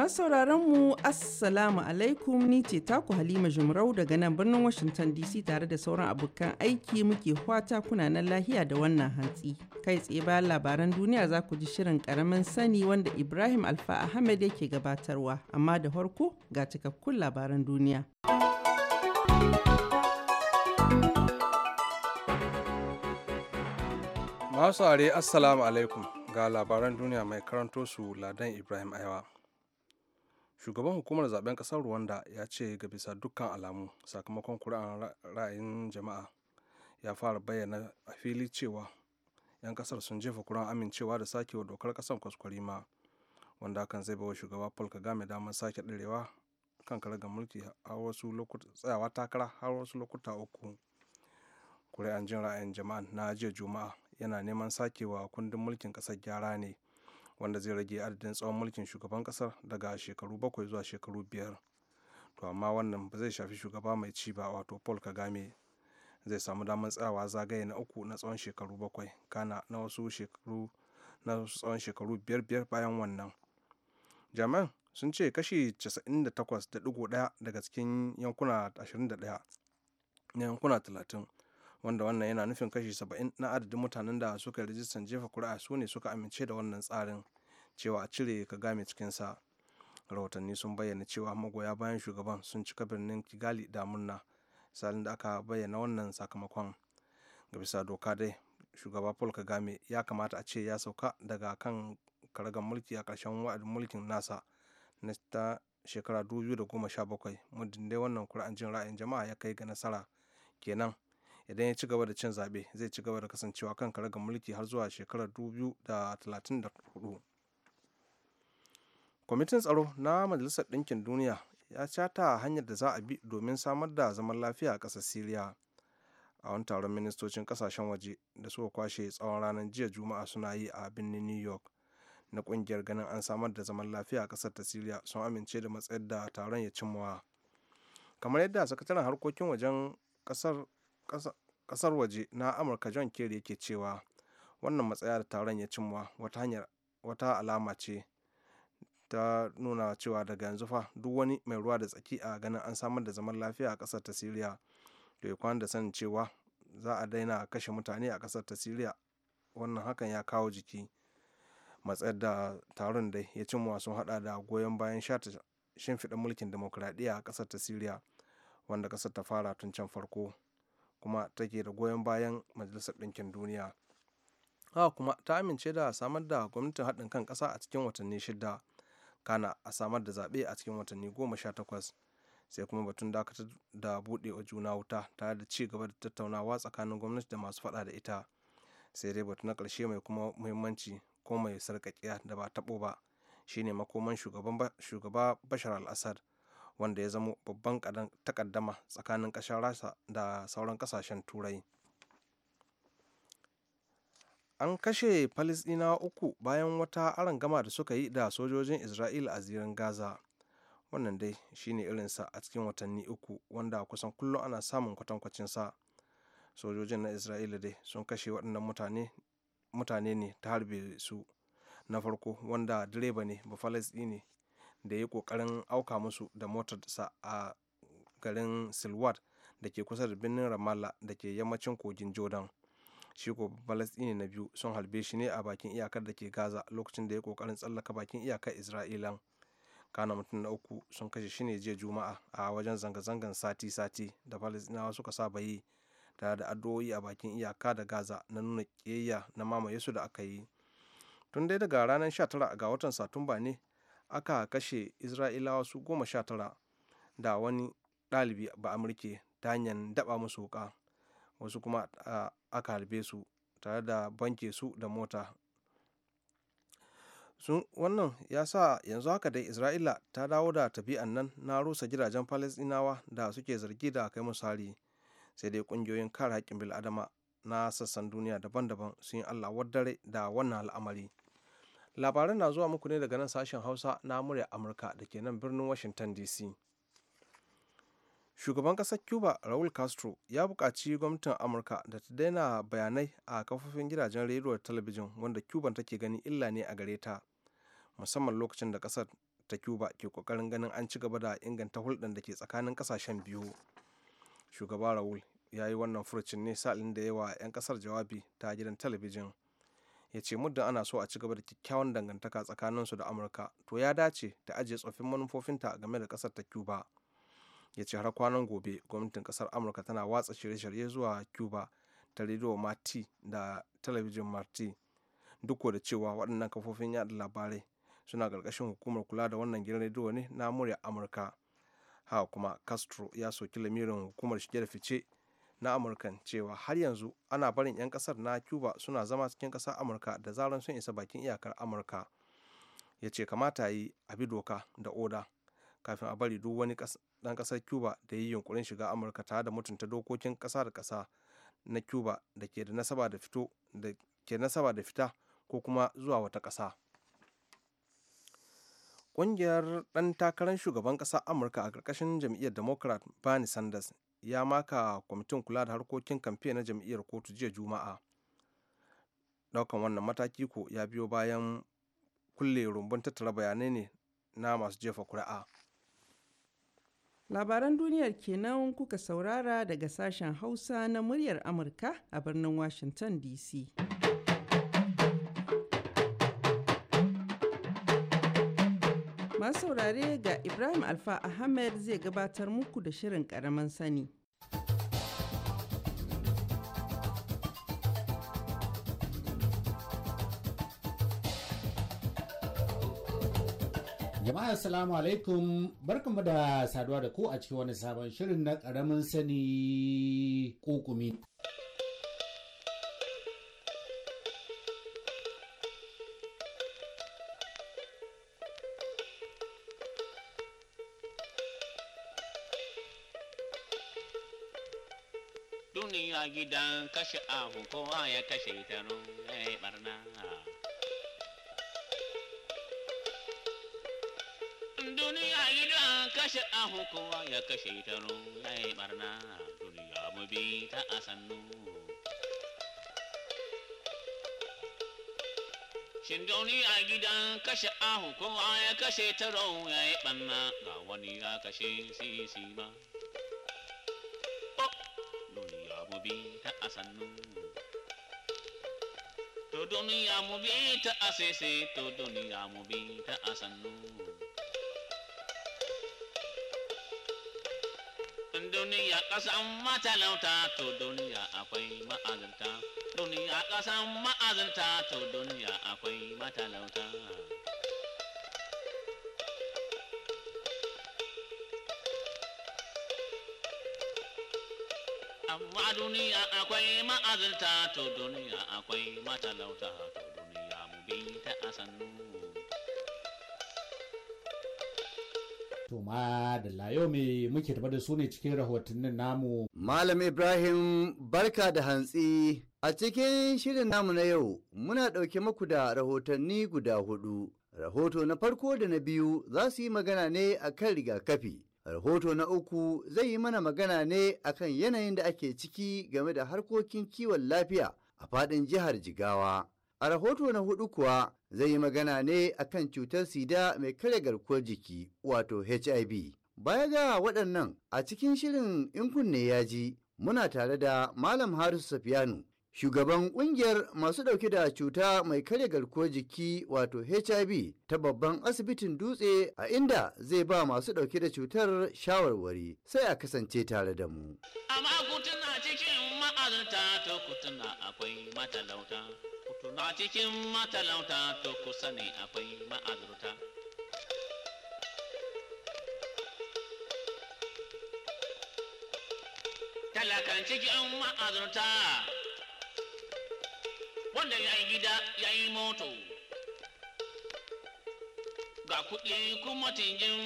Masu sauraron mu Assalamu alaikum ni ce taku Halima Jumrau daga nan birnin Washington DC tare da sauran abokan aiki muke kwata kuna nan lahiya da wannan hantsi. Kai tsaye bayan labaran duniya za ku ji shirin karamin sani wanda Ibrahim Alfa Ahmed yake gabatarwa amma da farko ga cikakkun labaran duniya. Masu are Assalamu alaikum ga labaran duniya mai karanto su Ladan Ibrahim Aiwa. shugaban hukumar zaben kasar rwanda ya ce ga bisa dukkan alamu sakamakon kuri'an ra'ayin jama'a ya fara bayyana a fili cewa 'yan kasar sun jefa kuri'ar amincewa da sakewa dokar kasar ma, wanda hakan zai bawa shugaba paul kagame damar sake ɗarewa kan karagar mulki a wasu lokuta tsayawa takara har wasu lokuta uku kuri'an jin ra'ayin jama'a na jiya juma'a yana neman sakewa kundin mulkin kasar gyara ne wanda zai rage adadin tsawon mulkin shugaban kasar daga shekaru bakwai zuwa shekaru biyar to amma wannan ba zai shafi shugaba mai ci ba wato paul kagame zai samu damar tsayawa zagaye na uku na tsawon shekaru bakwai kana na wasu shekaru na tsawon shekaru biyar biyar bayan wannan jami'an sun ce kashi 98.1 daga cikin yankuna 21 na yankuna 30 wanda wannan yana nufin kashi 70 na adadin mutanen da suka rijistan jefa kuri'a su ne suka amince da wannan tsarin cewa a cire kagame cikinsa rahotanni sun bayyana cewa magoya bayan shugaban sun cika birnin kigali da murna salin da aka bayyana wannan sakamakon ga bisa doka dai shugaba paul kagame ya kamata a ce ya sauka daga kan karagar mulki a ƙarshen wa'adin mulkin nasa na ta shekara 2017 muddin dai wannan kuri'an jin ra'ayin jama'a ya kai ga nasara kenan idan ya ci gaba da cin zaɓe zai ci gaba da kasancewa kan ga mulki har zuwa shekarar 2034 kwamitin tsaro na majalisar ɗinkin duniya ya cata hanyar da za a bi domin samar da zaman lafiya a ƙasar siriya a wani taron ministocin ƙasashen waje da suka kwashe tsawon ranar jiya juma'a suna yi a birnin new york na ƙungiyar ganin an samar da zaman lafiya a ƙasar ta siriya sun amince da matsayar da taron ya cimmawa kamar yadda sakataren harkokin wajen ƙasar kasar waje na amurka john kerry yake cewa wannan matsaya da taron ya cimma wata alama ce ta nuna cewa daga yanzu fa duk wani mai ruwa da tsaki a ganin an samar da zaman lafiya a kasar ta siriya da ya kwana da sanin cewa za a daina kashe mutane a kasar ta siriya wannan hakan ya kawo jiki matsayar da taron da ya cimma sun hada da goyon bayan shata shimfiɗa mulkin demokuraɗiyya a kasar ta siriya wanda kasar ta fara tun can farko kuma take da goyon bayan majalisar ɗinkin duniya haka kuma ta amince da samar da gwamnatin haɗin kan ƙasa a cikin watanni shida kana a samar da zaɓe a cikin watanni goma sha takwas sai kuma batun dakatar da buɗe wa juna wuta tare da ci gaba da tattaunawa tsakanin gwamnati da masu faɗa da ita sai dai batu na ƙarshe mai kuma muhimmanci ko mai sarƙaƙiya da ba taɓo ba shine makoman shugaba bashar al wanda ya zamo babban takaddama tsakanin ƙasar rasha da sauran ƙasashen turai an kashe falisdinawa uku bayan wata gama da suka yi da sojojin isra'ila a zirin gaza wannan dai shine irinsa a cikin watanni uku wanda kusan kullum ana samun kwatankwacin sa sojojin na isra'ila dai sun kashe waɗannan mutane ne ta harbe su na farko wanda direba ne ba ne da ya yi kokarin auka musu da motarsa a garin silwat da ke kusa da birnin ramallah da ke yammacin kogin jordan shi ko ne na biyu sun harbe shi ne a bakin iyakar da ke gaza lokacin da ya kokarin tsallaka bakin iyakar isra'ilan kana mutum na uku sun kashe shi ne jiya juma'a a wajen zanga-zangan sati-sati da falastinawa suka saba yi tare da addu'o'i a bakin iyaka da gaza na nuna ƙiyayya na mamaye su da aka yi tun dai daga ranar 19 ga watan satumba ne aka kashe isra'ilawa su goma sha tara da wani ɗalibi ba amurke ta hanyar daɓa musu wuƙa wasu kuma aka harbe su tare da banke su da mota Sun, wannan ya sa yanzu haka dai isra'ila ta dawo da tabi'an nan na rusa gidajen falasɗinawa da suke zargi da kai musu hari sai dai ƙungiyoyin kare haƙƙin bil'adama na sassan duniya daban-daban sun yi allah dare da wannan al'amari labaran na zuwa muku ne daga nan sashen hausa na murya amurka da ke nan birnin washington dc shugaban ƙasar cuba raul castro ya buƙaci gwamnatin amurka da ta daina bayanai a kafofin gidajen rediyo da talabijin wanda ta take gani illa ne a gare ta musamman lokacin da ƙasar ta cuba ke ƙoƙarin ganin an ci gaba da inganta hulɗar da ke tsakanin ƙasashen biyu shugaba raul ya yi wannan furucin ne sa'ilin da yawa 'yan ƙasar jawabi ta gidan talabijin ya ce muddin ana so a ci gaba da kyakkyawan dangantaka tsakanin su da amurka to ya dace ta ajiye tsoffin manufofinta game da kasar ta cuba ya ce har kwanan gobe gwamnatin kasar amurka tana watsa shirye-shirye zuwa cuba ta rediyo marti da talabijin marti duk da cewa waɗannan kafofin yaɗa labarai suna ƙarƙashin hukumar kula da wannan gidan rediyo ne na murya amurka haka kuma castro ya soki lamirin hukumar shige da fice na amurka cewa har yanzu ana barin 'yan kasar na cuba suna zama cikin kasar amurka da zaran sun isa bakin iyakar amurka ya ce kamata yi a bi doka da oda kafin a bari duk wani dan kasar cuba da yi yunkurin shiga amurka tare da mutunta dokokin kasa da kasa na cuba da ke da nasaba da fito da ke nasaba da fita ko kuma zuwa wata kasa ƙungiyar ɗan takarar shugaban ƙasar amurka a ƙarƙashin jam'iyyar democrat bernie sanders ya maka kwamitin kula da harkokin kamfe na jam'iyyar kotu jiya juma'a daukan wannan mataki ko ya biyo bayan kulle rumbun tattara bayanai ne na masu jefa kuri'a labaran duniyar kenan kuka saurara daga sashen hausa na muryar amurka a birnin washington dc Masu saurare ga Ibrahim Alfa Ahmed zai gabatar muku da shirin ƙaramin sani. Jama'a Assalamu alaikum barkamu da saduwa da ku a cikin wani sabon shirin na ƙaramin sani kokumi. gidan kashe ahu kowa ya kashe ta ya barna duniya gidan kashe ahu kowa ya kashe ta ya barna duniya mu bi ta a sannu Shin duniya gidan kashe ahu kowa ya kashe ta ya barna ga wani ya kashe sisi ba. sannu to duniya mu bi ta asese to duniya mu bi ta asannu duniya ƙasan matalauta to duniya akwai ma'azinta duniya ƙasan ma'azinta to duniya akwai matalauta a duniya akwai ma'azirta to duniya akwai matalauta to duniya mu bi ta a sannu. To ma da layo me muke tafa da su ne cikin rahotannin namu. Malam Ibrahim barka da hantsi a cikin shirin namu na yau muna ɗauke maku da rahotanni guda hudu. Rahoto na farko da na biyu za su yi magana ne a kan rigakafi. Rahoto na uku zai yi mana magana ne akan yanayin da ake ciki game da harkokin kiwon lafiya a faɗin jihar Jigawa. A rahoto na hudu kuwa zai yi magana ne akan cutar sida mai kare garkuwar jiki wato HIV. Baya ga waɗannan a cikin shirin in kunne yaji, muna tare da Malam Harisu Safiyanu Shugaban ƙungiyar masu ɗauke da cuta mai karya garkuwar jiki wato HIV ta babban asibitin dutse a inda zai ba masu ɗauke da cutar shawarwari sai a kasance tare da mu. Amma kutuna cikin ma'azinta ta kusa akwai Talakan cikin wanda ya yi gida ya yi moto ga kuɗi kuma tingin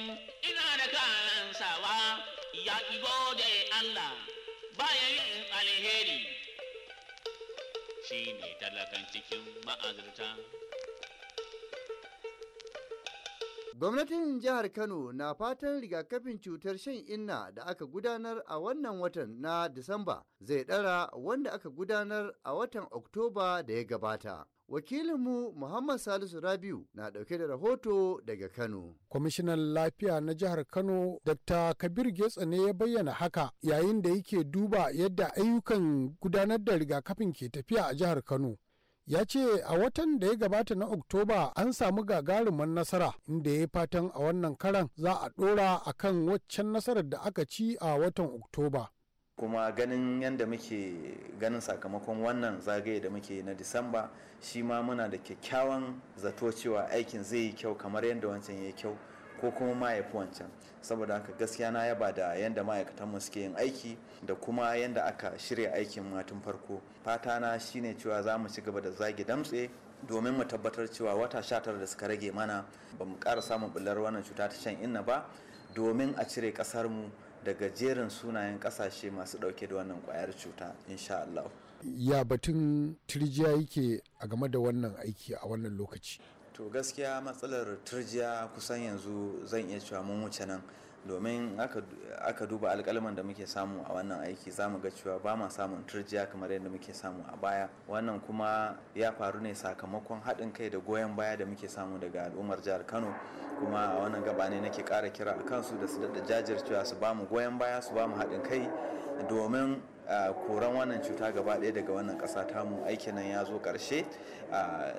ina da kanan sawa ya ki gode Allah ya yin alheri shi ne talakan cikin ma'azurta Gwamnatin jihar Kano na fatan rigakafin cutar shan inna da aka gudanar a wannan watan na Disamba zai ɗara wanda aka gudanar a watan Oktoba da ya gabata. Wakilinmu Muhammad Salisu Rabiu na ɗauke da rahoto daga Kano. Kwamishinan Lafiya na jihar Kano, Dr. Kabir Getsa ne ya bayyana haka yayin da yake duba yadda ayyukan gudanar da rigakafin ke tafiya a jihar Kano. ya ce a watan da ya gabata na oktoba an samu gagarumin nasara inda ya fatan a wannan karan za a dora a kan waccan nasarar da aka ci a watan oktoba kuma ganin yadda muke ganin sakamakon wannan zagaye da muke na disamba shi ma muna da kyakkyawan zato cewa aikin zai yi kyau kamar yadda wancan ya yi kyau ko kuma ma ya wancan saboda haka gaskiya na yaba da yadda ma'aikatanmu suke yin aiki da kuma yadda aka shirya aikin matun farko fata na shine cewa za mu ci gaba da zagi damtse domin mu tabbatar cewa wata sha tara da suka rage mana ba mu ƙara samun bullar wannan cuta ta shan inna ba domin a cire ƙasarmu daga jerin sunayen ƙasashe masu ɗauke da wannan kwayar cuta insha Allah. ya batun tirjiya yake a game da wannan aiki a wannan lokaci to gaskiya matsalar turjiya kusan yanzu zan iya cewa mun wuce nan domin aka duba alkalman da muke samu a wannan aiki za mu ga cewa ba ma samun turjiya kamar yadda muke samu a baya wannan kuma ya faru ne sakamakon haɗin kai da goyon baya da muke samu daga al'ummar jihar kano kuma a wannan gaba ne nake ƙara kira a kansu da su daɗa jajircewa su ba mu goyon baya su ba mu haɗin kai domin koran wannan cuta gaba ɗaya daga wannan ƙasa tamu aikin nan ya zo ƙarshe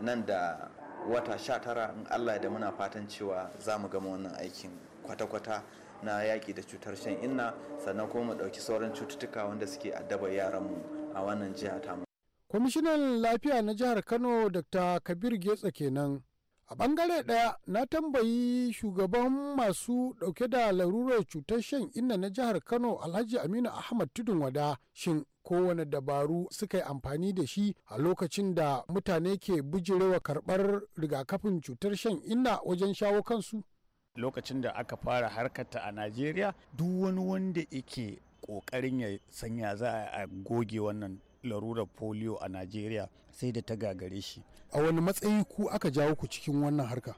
nan da wata sha tara in allah da muna fatan cewa za mu gama wannan aikin kwata-kwata na yaƙi da cutar shan inna sannan kuma mu ɗauki sauran cututtuka wanda suke yaran mu a wannan jiha tamu. kwamishinan lafiya na jihar kano dr kabir getsa kenan a bangare ɗaya na tambayi shugaban masu ɗauke da larurar cutar shan inna na jihar kano alhaji aminu ahmad tudun wada shin kowane dabaru suka yi amfani da shi a lokacin da mutane ke bijirewa karbar rigakafin cutar shan inna wajen shawo kansu lokacin da aka fara harkata a najeriya duk wani wanda yake ƙoƙarin ya sanya za a goge wannan larurar polio a najeriya sai da ta gagare shi a wani matsayi ku aka jawo ku cikin wannan harka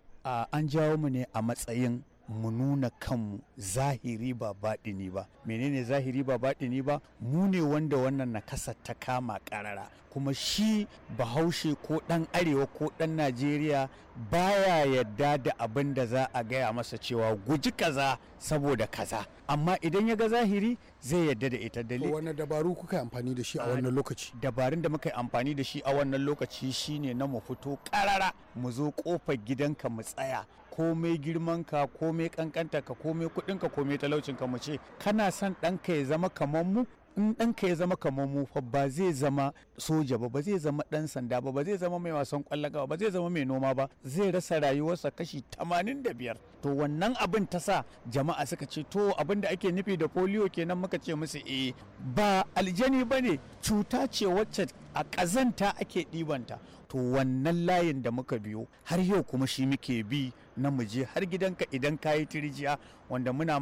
an jawo mu ne a matsayin mu nuna kanmu zahiri ba baɗini ba menene zahiri ba baɗini ba mu ne wanda wannan nakasa ta kama karara kuma shi bahaushe ko ɗan arewa ko ɗan najeriya baya yadda da abin da za a gaya masa cewa guji kaza saboda kaza amma idan ya ga zahiri zai yadda da ita dalili wani dabaru kuka amfani da shi a wannan lokaci dabarun da muka amfani da shi a wannan lokaci shine na mu fito ƙarara mu zo ƙofar gidanka mu tsaya komai girmanka komai kankantarka komai ka komai talaucinka ka ce kana son ɗanka ya zama kamar mu in ɗanka ya zama kamar mu fa ba zai zama soja ba ba zai zama ɗan sanda ba ba zai zama mai wasan ƙwallon gaba ba zai zama mai noma ba zai rasa rayuwarsa kashi 85 to wannan abin ta sa jama'a suka ce to abin da ake nufi da polio kenan muka ce musu eh ba aljani ba ne cuta ce wacce a kazanta ake ɗibanta to wannan layin da muka biyo har yau kuma shi muke bi na muje har gidanka idan ka yi tirjiya wanda muna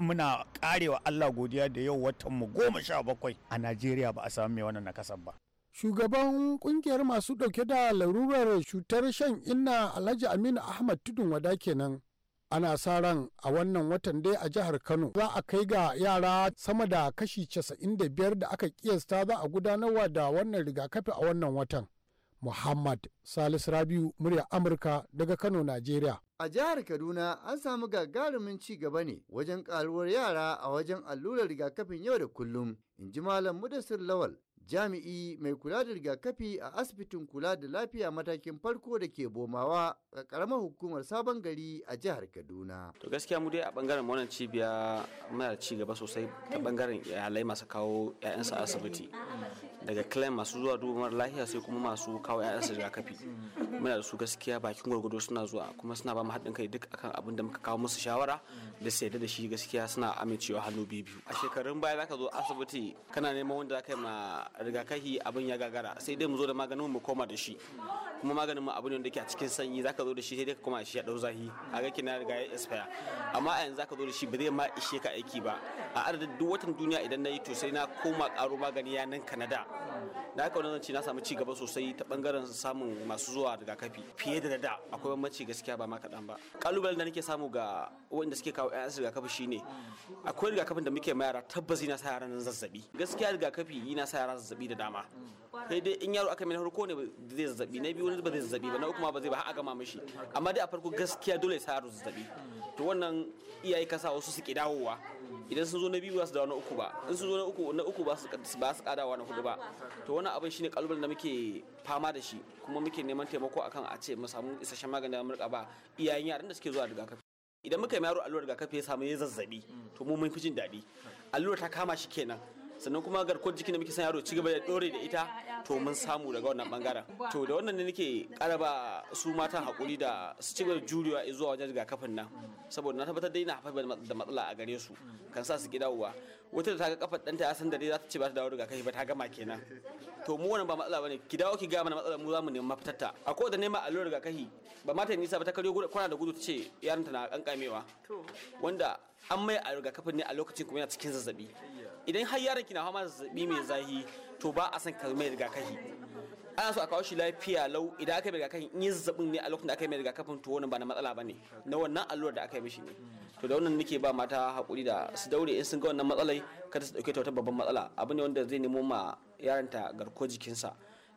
muna karewa Allah godiya da yau watan mu goma sha bakwai a Najeriya ba a samu mai wannan nakasar ba. Shugaban kungiyar masu ɗauke da larurar cutar shan inna Alhaji Aminu Ahmad Tudun Wada kenan. ana sa ran a wannan watan dai a jihar kano za a kai ga yara sama da kashi casa'in da biyar da aka kiyasta za a gudanarwa da wannan rigakafi a wannan watan muhammad salisu rabiu murya amurka daga kano najeriya A jihar Kaduna an samu gagarumin ci gaba ne wajen karuwar yara a wajen allurar rigakafin yau da kullum, in ji Malam Mudassir Lawal jami'i mai kula da rigakafi a asibitin kula da lafiya matakin farko da ke bomawa a karamar hukumar sabon gari a jihar kaduna to gaskiya mu dai a bangaren wannan cibiya muna da cigaba sosai ta bangaren iyalai masu kawo 'ya'yansa asibiti daga claim masu zuwa duba mara lafiya sai kuma masu kawo 'ya'yansa rigakafi muna da su gaskiya bakin gwargwado suna zuwa kuma suna ba mu haɗin kai duk akan abin da muka kawo musu shawara da su da shi gaskiya suna amincewa hannu biyu a shekarun baya zaka zo asibiti kana neman wanda zaka yi ma rigakafi abin ya gagara sai dai mu zo da maganin mu koma da shi kuma maganin mu abu da wanda a cikin sanyi zaka zo da shi sai dai ka koma shi ya dau zahi a ga kina riga ya expire amma a yanzu zaka zo da shi ba zai ma ishe ka aiki ba a adadin duk watan duniya idan na yi to sai na koma karo magani ya nan Canada da aka wannan na samu ci gaba sosai ta bangaren samun masu zuwa rigakafi fiye da da akwai bambanci gaskiya ba ma kaɗan ba kalubalen da nake samu ga waɗanda suke kawo ƴaƴansu rigakafi shine akwai rigakafin da muke mayara tabbas yana sa yaran zazzabi gaskiya rigakafi yana sa yara zazzabi da dama sai dai in yaro aka mai farko ne zai zazzabi na biyu wani ba zai zazzabi ba na uku ma ba zai ba har gama mishi amma dai a farko gaskiya dole ya sa yaro zazzabi to wannan iyaye kasa wasu suke dawowa idan sun zo na biyu ba su dawo na uku ba in sun zo na uku na uku ba su ba su kadawa na hudu ba to wannan abin shine kalubalen da muke fama da shi kuma muke neman taimako akan a ce mu samu isasshen magani da mu ba iyayen yaran da suke zuwa kafi. idan muka yi yaro allurar rigakafi ya samu ya zazzabi to mu mun fi jin daɗi allura ta kama shi kenan sannan kuma garkuwar jiki da muke son yaro ci gaba da dore da ita to mun samu daga wannan bangaren to da wannan ne nake karaba su matan hakuri da su ci gaba da juriya zuwa wajen rigakafin nan saboda na tabbatar da na haifar da matsala a gare su kan sa su ki dawowa wata da ta ga kafar ɗanta ya san dare za ta ce ba ta dawo rigakafi ba ta gama kenan to mu wannan ba matsala bane ki dawo ki ga mana matsalar mu za mu nemi ta. a ko da nema allurar rigakafi ba ma ta nisa ba ta karyo kwana da gudu ta ce ta na kankamewa wanda an mai a rigakafin ne a lokacin kuma yana cikin zazzabi idan har yaron ki na fama zazzabi mai zahi to ba a san ka mai rigakafi ana so a kawo shi lafiya lau idan aka yi rigakafin in yi zazzabin ne a lokacin da aka yi mai rigakafin to wannan ba na matsala bane na wannan allurar da aka yi mishi ne to da wannan nake ba mata hakuri da su daure in sun ga wannan matsalai kada su dauke ta wata babban matsala abu ne wanda zai nemo ma ta garko jikinsa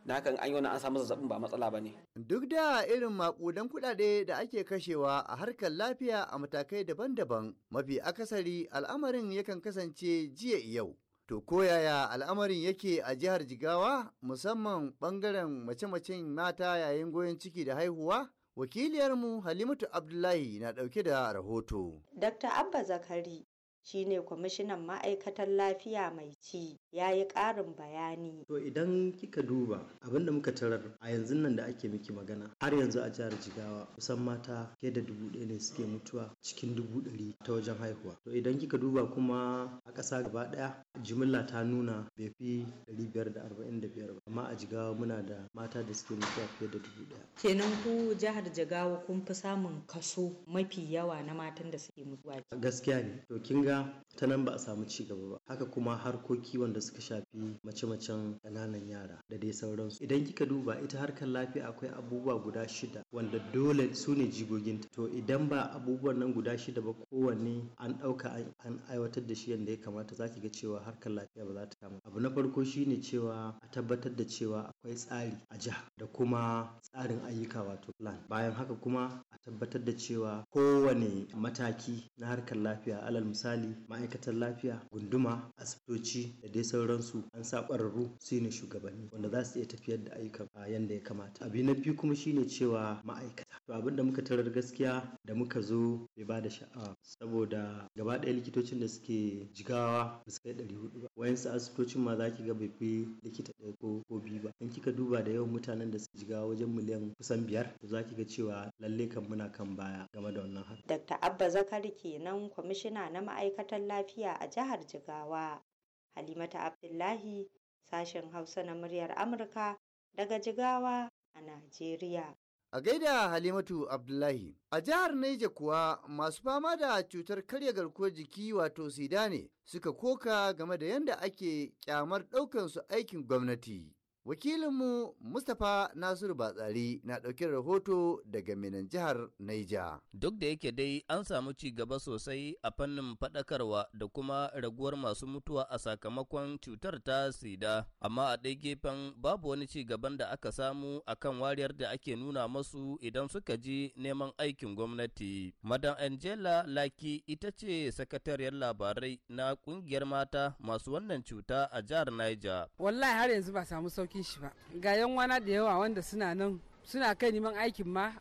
na kan an yi wani an samu zazzabin ba matsala ba ne. Duk da irin makudan kuɗaɗe da ake kashewa a harkar lafiya a matakai daban-daban mafi akasari al'amarin yakan kasance jiya yau. To koyaya al'amarin yake a jihar Jigawa musamman bangaren mace-macen mata yayin goyon ciki da haihuwa? Wakiliyarmu Halimatu Abdullahi na ɗauke da rahoto. Dr. Abba Zakari shine kwamishinan ma'aikatan lafiya mai ci ya yi ƙarin bayani. To idan kika duba abin da muka tarar a yanzu nan da ake miki magana har yanzu a jihar Jigawa kusan mata fiye da dubu ɗaya ne suke mutuwa cikin dubu ɗari ta wajen haihuwa. To idan kika duba kuma a ƙasa gaba ɗaya jimilla ta nuna bai fi ɗari biyar da arba'in da biyar ba amma a Jigawa muna da mata da suke mutuwa fiye da dubu ɗaya. Kenan ku jihar Jigawa kun fi samun kaso mafi yawa na matan da suke mutuwa. Gaskiya ne. To kin ga себя ta nan ba a samu cigaba ba haka kuma harkoki wanda suka shafi mace-macen ƙananan yara da dai sauransu idan kika duba ita harkar lafiya akwai abubuwa guda shida wanda dole su ne jigoginta to idan ba abubuwan nan guda shida ba kowanne an ɗauka an aiwatar da shi yadda ya kamata za ki ga cewa harkar lafiya ba za ta kama abu na farko shi ne cewa a tabbatar da cewa akwai tsari a jiha da kuma tsarin ayyuka wato plan bayan haka kuma a tabbatar da cewa kowane mataki na harkar lafiya alal misali ma'aikata ma'aikatan lafiya gunduma asibitoci da dai sauransu an sa ƙwararru su ne shugabanni wanda za su iya tafiyar da ayyuka a yadda ya kamata abin na biyu kuma shine cewa ma'aikata to abin da muka tarar gaskiya da muka zo bai ba da sha'awa saboda gaba ɗaya likitocin da suke jigawa ba su kai ɗari hudu ba wayansu asibitocin ma za ki ga bai fi likita ɗaya ko ko biyu ba in kika duba da yawan mutanen da suke jigawa wajen miliyan kusan biyar to za ki ga cewa lalle kan muna kan baya game da wannan har. Dr. Abba Zakari kenan kwamishina na ma'aikatan lafiya lafiya a jihar Jigawa. Halimatu Abdullahi, sashen Hausa na muryar Amurka daga Jigawa a Najeriya. A gaida Halimatu Abdullahi, a jihar Naija kuwa masu fama da cutar karya garkuwar jiki wato sida ne suka koka game da yadda ake kyamar ɗaukansu aikin gwamnati. Wakilinmu Mustapha Nasiru Batsari na ɗauki rahoto daga Minan jihar Naija. Duk da yake dai an samu ci gaba sosai a fannin faɗakarwa da kuma raguwar masu mutuwa a sakamakon cutar ta sida, amma a ɗai gefen babu wani ci gaban da aka samu akan wariyar da ake nuna masu idan suka ji neman aikin gwamnati. Madan Angela Laki ita ce sakatariyar labarai na ƙungiyar mata masu wannan cuta a jihar Naija. Wallahi har yanzu ba samu sauki cikin shi ba ga yan wana da yawa wanda suna nan suna kai neman aikin ma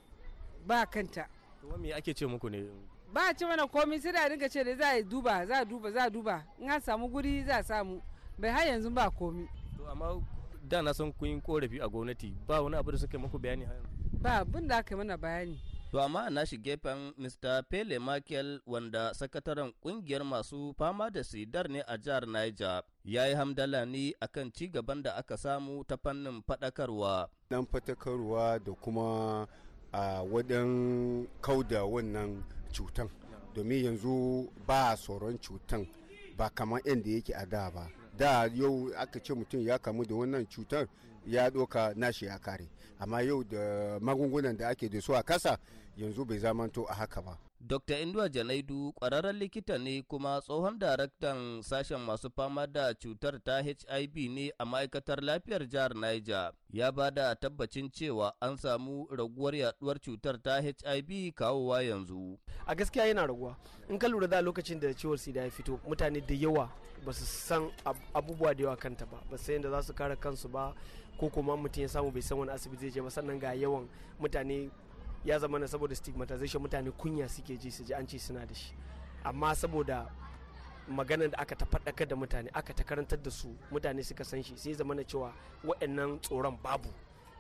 ba kanta to me ake ce muku ne ba ce mana komai sai da dinga ce da za a duba za a duba za a duba in an samu guri za a samu bai har yanzu ba komai to amma da na san kun korafi a gwamnati ba wani abu da suka muku bayani ba abin da aka mana bayani To amma na shi gefen Mr. Pele Makel wanda sakataren kungiyar masu fama da sidar ne a jihar Niger ya yi hamdala ni akan ci gaban da aka samu ta fannin fadakarwa. Dan faɗakarwa da kuma a wadan kauda wannan cutan domin yanzu ba tsoron cutan ba kamar yadda yake a da ba da yau aka ce mutum ya kamu da wannan cutar ya ɗauka nashi ya kare amma yau da magungunan da ake da su a kasa yanzu bai zamanto a haka ba Dr. indua Janaidu kwararren likita ne kuma tsohon daraktan sashen masu fama da cutar ta HIV ne a ma'aikatar lafiyar jihar Niger. Ya ba da tabbacin cewa an samu raguwar yaduwar cutar ta HIV kawowa yanzu. A gaskiya yana raguwa. In ka lura da lokacin da ciwon sida ya fito, mutane da yawa ba su san abubuwa da yawa kanta ba, ba su yadda za su kare kansu ba, ko kuma mutum ya samu bai san wani asibiti zai je ba sannan ga yawan mutane ya zama na saboda stigmatization mutane kunya suke ji su ji an ce suna da shi amma saboda maganar da aka ta faɗakar da mutane aka ta karantar da su mutane suka san shi sai zama na cewa waɗannan tsoron babu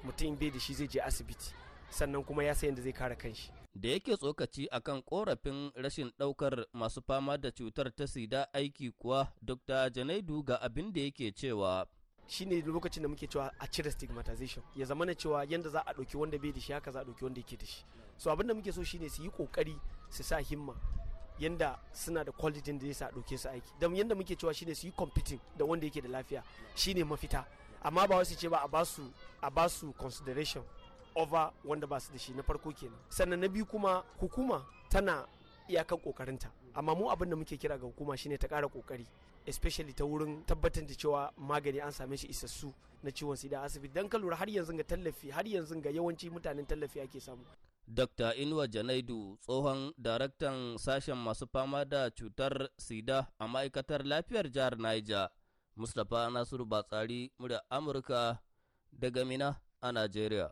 mutum bai da shi zai je asibiti sannan kuma ya san yadda zai kare kanshi da yake tsokaci akan korafin rashin ɗaukar masu fama da cutar ta sida aiki kuwa dr janaidu ga abin da yake cewa shine lokacin da muke cewa a cire stigmatization ya zama na cewa yanda za a ɗauki wanda bai da shi haka za a ɗauki wanda yake da shi so abin da muke so shine su yi kokari su sa himma yanda suna da quality da zai sa ɗauke su aiki dan yanda muke cewa shine su yi competing da wanda yake da lafiya shi ne mafita amma ba wasu ce ba a basu a basu consideration over wanda ba su da shi na farko kenan sannan na biyu kuma hukuma tana iyakan kokarinta amma mu abin da muke kira ga hukuma shine ta ƙara kokari especially ta wurin tabbatar da cewa magani an same shi isassu na ciwon sida asibiti dan ka lura har yanzu ga tallafi har yanzu ga yawanci mutanen tallafi ake samu Dr. Inuwa Janaidu tsohon daraktan sashen masu fama da cutar sida a ma'aikatar lafiyar jihar Niger Mustapha Nasiru Batsari murya Amurka daga Mina a Najeriya.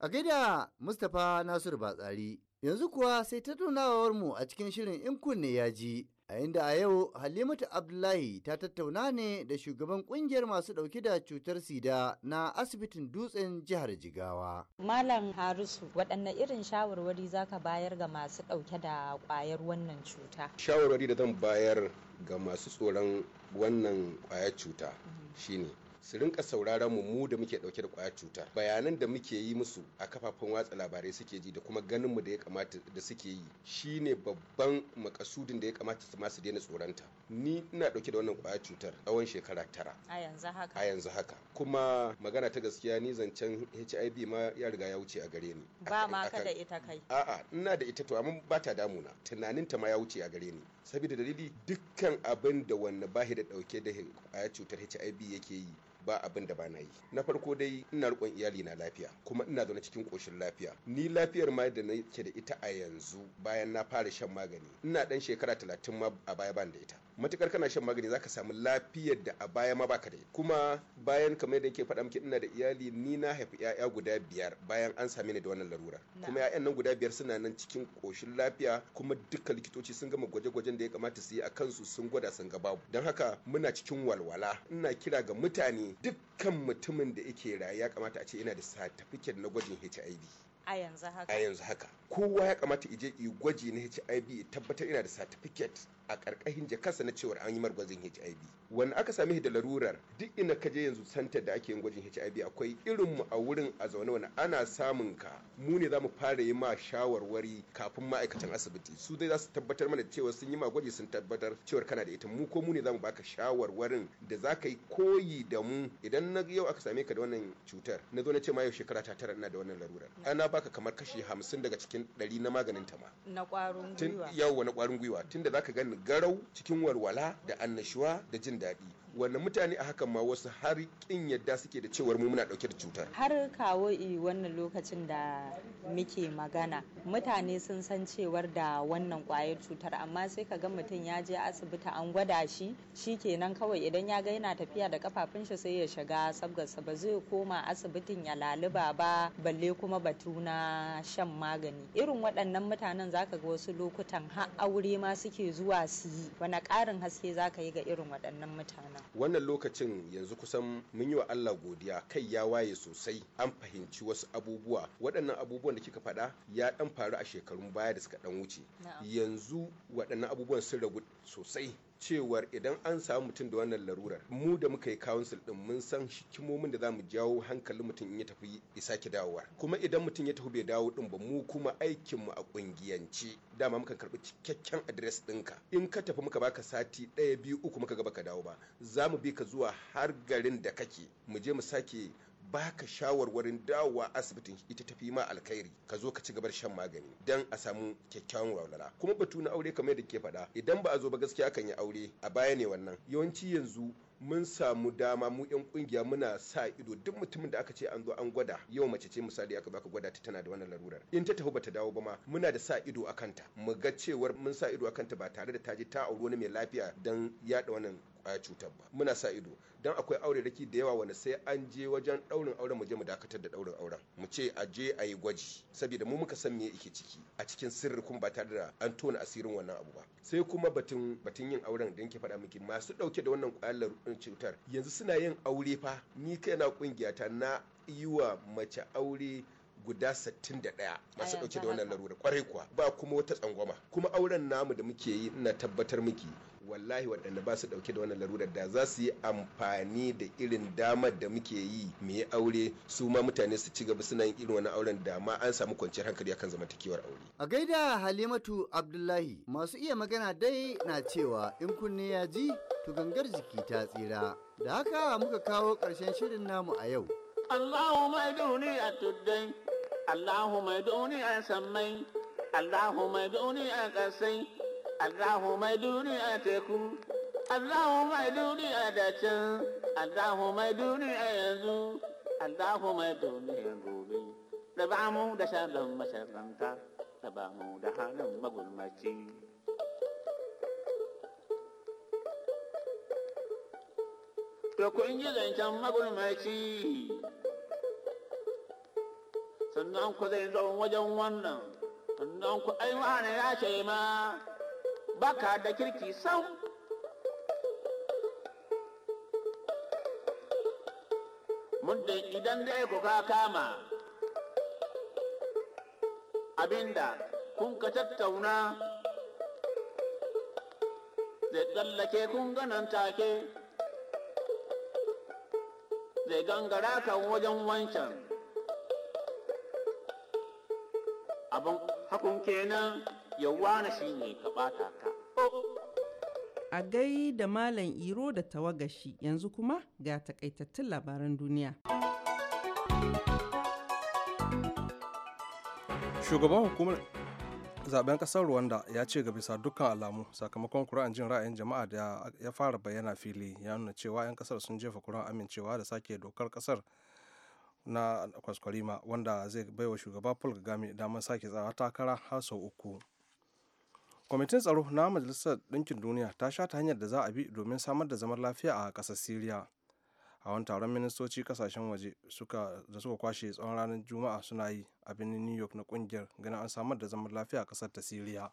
A gaida Mustapha Nasiru Batsari yanzu kuwa sai tattaunawar mu a cikin shirin in kunne ya ji A inda a yau Halimatu Abdullahi ta tattauna ne da shugaban kungiyar masu ɗauke da cutar sida na asibitin dutsen jihar Jigawa. Malam Harisu waɗanne irin shawarwari za ka bayar ga masu ɗauke da ƙwayar wannan cuta? Shawarwari da zan bayar ga masu tsoron wannan ƙwayar cuta mm. shine su rinka sauraron mu mu da muke dauke da kwayar cutar bayanan da muke yi musu a kafafen watsa labarai suke ji da kuma ganin mu da ya kamata da suke yi shine babban makasudin da ya kamata su masu daina tsoronta ni ina dauke da wannan kwayar cutar tsawon shekara tara a yanzu haka a yanzu haka kuma magana ta gaskiya ni zancen HIV ma ya riga ya wuce a gare ni ba ma ka da ita kai a'a ina da ita to amma ba ta damuna tunanin ta ma ya wuce a gare ni saboda dalili dukkan abin da wanda bahi da dauke da kwayar cutar HIV yake yi ba abin da ba na yi na farko dai ina riƙon iyali na lafiya kuma ina zaune cikin koshin lafiya ni lafiyar ma da ke da ita a yanzu bayan na fara shan magani ina dan shekara talatin ma a baya ban da ita matukar kana shan magani zaka samu lafiyar da a baya ma baka da ita kuma bayan kamar yadda yake faɗa miki ina da iyali ni na haifi ƴaƴa guda biyar bayan an same ni da wannan larura kuma ƴaƴan nan guda biyar suna nan cikin koshin lafiya kuma duka likitoci sun gama gwaje-gwajen da ya kamata su yi a kansu sun gwada sun ga babu don haka muna cikin walwala ina kira ga mutane dukkan mutumin da yake raye ya kamata a ce yana da satifiket na gwajin hiv a yanzu haka A yanzu haka kowa ya kamata ije yi gwaji na hiv tabbatar ina da satifiket a karkashin jakarsa na cewar an yi mar gwajin HIV wanda aka sami da larurar duk ina ka je yanzu santar da ake yin gwajin HIV akwai irin mu a wurin a zaune wani ana samun ka mu ne zamu fara yi ma shawarwari kafin ma'aikatan asibiti su dai za su tabbatar mana cewa sun yi ma gwaji sun tabbatar cewar kana da ita mu ko mu ne zamu baka shawarwarin da za ka yi koyi da mu idan na yau aka same ka da wannan cutar na zo na ce ma yau shekara ta tara ina da wannan larurar ana baka kamar kashi hamsin daga cikin ɗari na maganin ta ma na ƙwarin gwiwa yawwa na ƙwarin gwiwa tunda za ka gani garau cikin walwala da annashuwa da jin daɗi wanda mutane a hakan ma wasu har kin yadda suke da cewar mu muna dauke da cutar har kawo wannan lokacin da muke magana mutane sun san cewar da wannan kwayar cutar amma sai ka ga mutum ya je asibiti an gwada shi shi kenan kawai idan ya ga yana tafiya da kafafun shi sai ya shiga sabgarsa ba zai koma asibitin ya laluba ba balle kuma batu na shan magani irin waɗannan mutanen zaka ga wasu lokutan har aure ma suke zuwa su yi wani ƙarin haske zaka yi ga irin waɗannan mutanen wannan lokacin yanzu kusan mun yi wa Allah godiya kai ya waye sosai an fahimci wasu abubuwa waɗannan abubuwan da kika faɗa ya ɗan faru a shekarun baya da suka ɗan wuce yanzu waɗannan abubuwan sun ragu sosai cewar idan an samu mutum da wannan larurar mu da muka yi council din mun san hikimomin da zamu jawo hankalin mutum in ya tafi ya sake dawowa kuma idan mutum ya tafi bai dawo din ba mu kuma aikin mu a kungiyance dama muka karbi cikakken address ɗinka in ka tafi muka baka sati ɗaya biyu uku muka ga baka dawo ba za mu bi ka zuwa har garin da kake mu je mu sake baka shawarwarin dawowa asibitin ita tafi ma alkhairi ka zo ka ci gaba shan magani dan a samu kyakkyawan walwala kuma batu na aure kamar yadda ke faɗa idan ba a zo ba gaskiya kan yi aure a baya ne wannan yawanci yanzu mun samu dama mu yan kungiya muna sa ido duk mutumin da aka ce an zo an gwada yau mace ce misali aka baka gwada ta tana da wannan larurar in ta tafi bata dawo ba ma muna da sa ido akan ta mu ga cewar mun sa ido akan ta ba tare da ta je ta auri wani mai lafiya dan yada wannan cutar ba muna sa ido dan akwai aure raki da yawa wanda sai an je wajen daurin auren mu je mu dakatar da daurin auren mu ce a je a yi gwaji saboda mu muka san me yake ciki a cikin sirri kuma ba tare da an tona asirin wannan abu ba sai kuma batun batun yin auren da yake faɗa miki masu dauke da wannan kwayar eh, cutar yanzu suna yin aure fa ni kaina kungiya ta na yi wa mace aure guda 61 masu dauke da wannan larura kwarai kuwa ba kuma wata tsangwama kuma auren namu da muke yi ina tabbatar miki wallahi waɗanda ba su dauke da wannan larurar da za su yi amfani da irin damar da muke yi mu yi aure su ma mutane su ci gaba suna yin irin wannan auren da ma an samu kwanciyar hankali akan zamantakewar aure a gaida halimatu abdullahi masu iya magana dai na cewa in kunne ya ji to gangar jiki ta tsira da haka muka kawo ƙarshen shirin namu a yau Allahumma duniya tuddai Allahumma duni a sammai, Allahumma duni a ƙasai, Allahumma duni a teku, Allahumma duni a dacin, Allahumma duni a yanzu, Allahumma duni a gobe. Da ba mu da shalom masharanta, da ba mu da halin magulmaci. To kun ji zancen magulmaci. sannan ku zai zo wajen wannan sannan ku ai wane ya ce ma baka da kirki sam muddin idan dai ku ka kama abinda kun ka tattauna zai tsallake kun ganan take zai gangara kan wajen wancan kenan yawwa na shi ne ka bata ka. A gai da Malam Iro da tawagashi yanzu kuma ga takaitattun labaran duniya. Shugaban hukumar zaben kasar Rwanda ya ce ga bisa dukkan alamu sakamakon kuri'an jin ra'ayin jama'a da ya fara bayyana fili ya nuna cewa 'yan kasar sun jefa kuran amincewa da sake dokar kasar na kwaskwarima wanda zai baiwa shugaba paul gami damar sake tsawa takara har sau uku kwamitin tsaro na majalisar ɗinkin duniya ta sha ta hanyar da za a bi domin samar da zaman lafiya a ƙasar syria a wani taron ministoci kasashen waje da suka kwashe tsawon ranar juma'a suna yi a birnin new york na ƙungiyar ganin an samar da zaman lafiya a ƙasar ta syria